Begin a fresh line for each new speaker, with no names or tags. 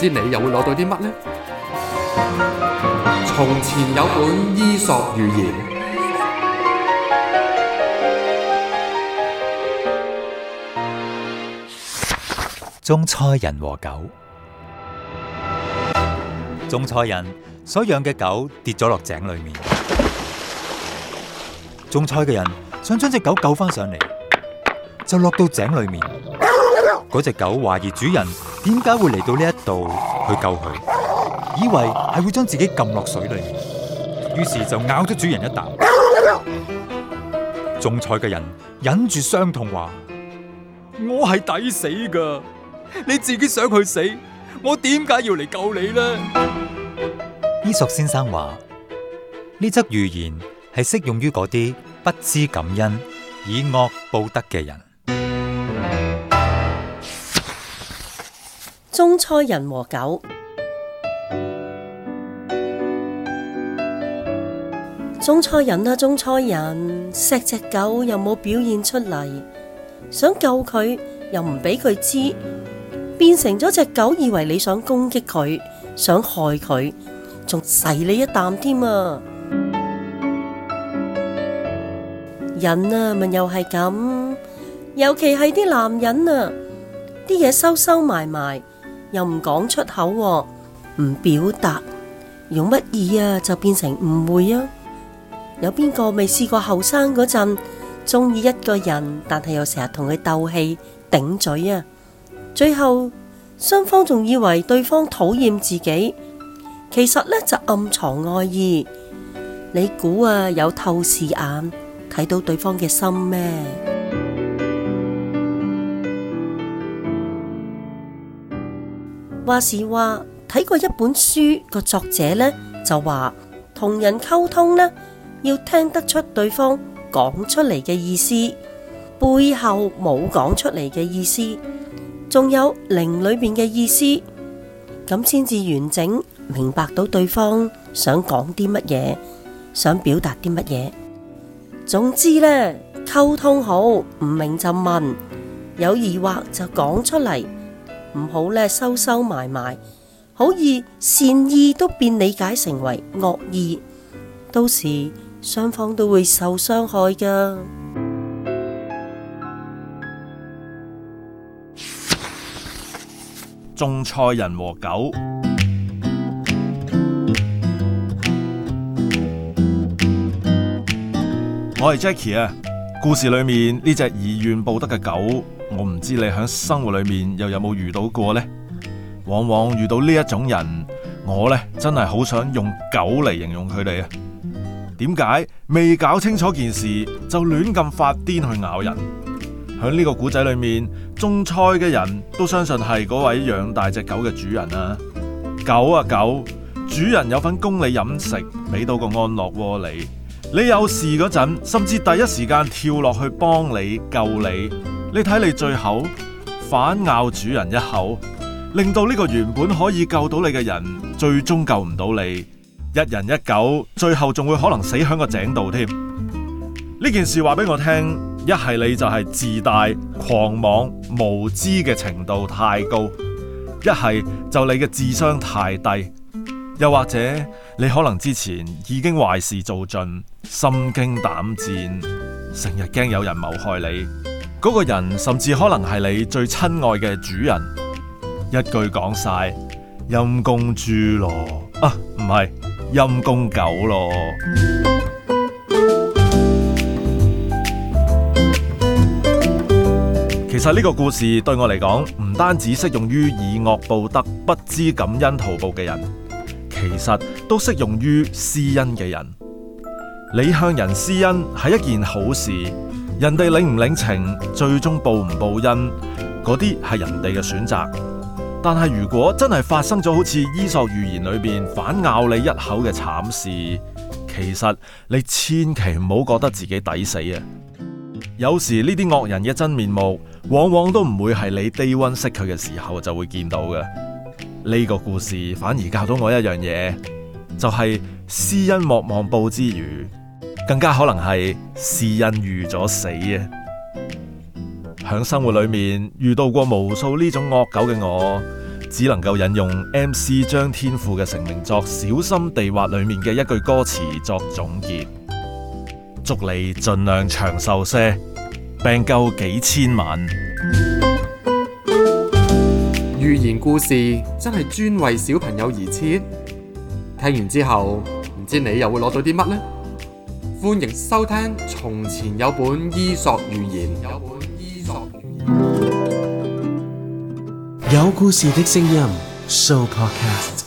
知你又會攞到啲乜呢？從前有本伊索寓言，
種菜人和狗。種菜人所養嘅狗跌咗落井裏面，種菜嘅人想將隻狗救返上嚟，就落到井裏面。嗰隻狗懷疑主人。點解會嚟到呢一度去救佢？以為係會將自己撳落水裏面，於是就咬咗主人一啖。種菜嘅人忍住傷痛話：我係抵死噶，你自己想去死，我點解要嚟救你呢？」伊索先生話：呢則寓言係適用於嗰啲不知感恩、以惡報德嘅人。
種菜人和狗，種菜人啊，種菜人錫隻狗又冇表現出嚟，想救佢又唔俾佢知，變成咗隻狗，以為你想攻擊佢，想害佢，仲噬你一啖添啊！人啊，咪又係咁，尤其係啲男人啊，啲嘢收收埋埋。又唔講出口喎，唔表達，用乜意啊？就變成誤會啊！有邊個未試過後生嗰陣中意一個人，但係又成日同佢鬥氣、頂嘴啊？最後雙方仲以為對方討厭自己，其實呢，就暗藏愛意。你估啊，有透視眼睇到對方嘅心咩？話時話，睇過一本書，個作者呢，就話，同人溝通呢，要聽得出對方講出嚟嘅意思，背後冇講出嚟嘅意思，仲有靈裡面嘅意思，咁先至完整明白到對方想講啲乜嘢，想表達啲乜嘢。總之呢，溝通好，唔明就問，有疑惑就講出嚟。唔好咧收收埋埋，好易善意都變理解成為惡意，到時雙方都會受傷害㗎。
種菜人和狗，我係 Jacky 啊！故事裏面呢隻以怨報德嘅狗。我唔知你喺生活裏面又有冇遇到過呢？往往遇到呢一種人，我咧真係好想用狗嚟形容佢哋啊！點解未搞清楚件事就亂咁發癲去咬人？喺呢個古仔裏面，種菜嘅人都相信係嗰位養大隻狗嘅主人啊。狗啊狗，主人有份供你飲食，俾到個安樂窩你。你有事嗰陣，甚至第一時間跳落去幫你救你。你睇，你最後反咬主人一口，令到呢個原本可以救到你嘅人，最終救唔到你。一人一狗，最後仲會可能死喺個井度添。呢件事話俾我聽，一係你就係自大、狂妄、無知嘅程度太高；一係就你嘅智商太低；又或者你可能之前已經壞事做盡，心驚膽戰，成日驚有人謀害你。嗰個人甚至可能係你最親愛嘅主人，一句講晒，陰公豬咯啊，唔係陰公狗咯。其實呢個故事對我嚟講，唔單止適用於以惡報德、不知感恩圖報嘅人，其實都適用於施恩嘅人。你向人施恩係一件好事。人哋領唔領情，最終報唔報恩，嗰啲係人哋嘅選擇。但係如果真係發生咗好似《伊索寓言》裏邊反咬你一口嘅慘事，其實你千祈唔好覺得自己抵死啊！有時呢啲惡人嘅真面目，往往都唔會係你 day one 識佢嘅時候就會見到嘅。呢個故事反而教到我一樣嘢，就係施恩莫望報之餘。更加可能係是因預咗死啊！喺生活裏面遇到過無數呢種惡狗嘅我，只能夠引用 MC 張天賦嘅成名作《小心地滑》裏面嘅一句歌詞作總結：祝你盡量長壽些，病夠幾千萬。
寓言故事真係專為小朋友而設，聽完之後唔知你又會攞到啲乜呢？歡迎收聽《從前有本伊索寓言》，有本伊索寓
言，有故事的聲音，Sooo Podcast。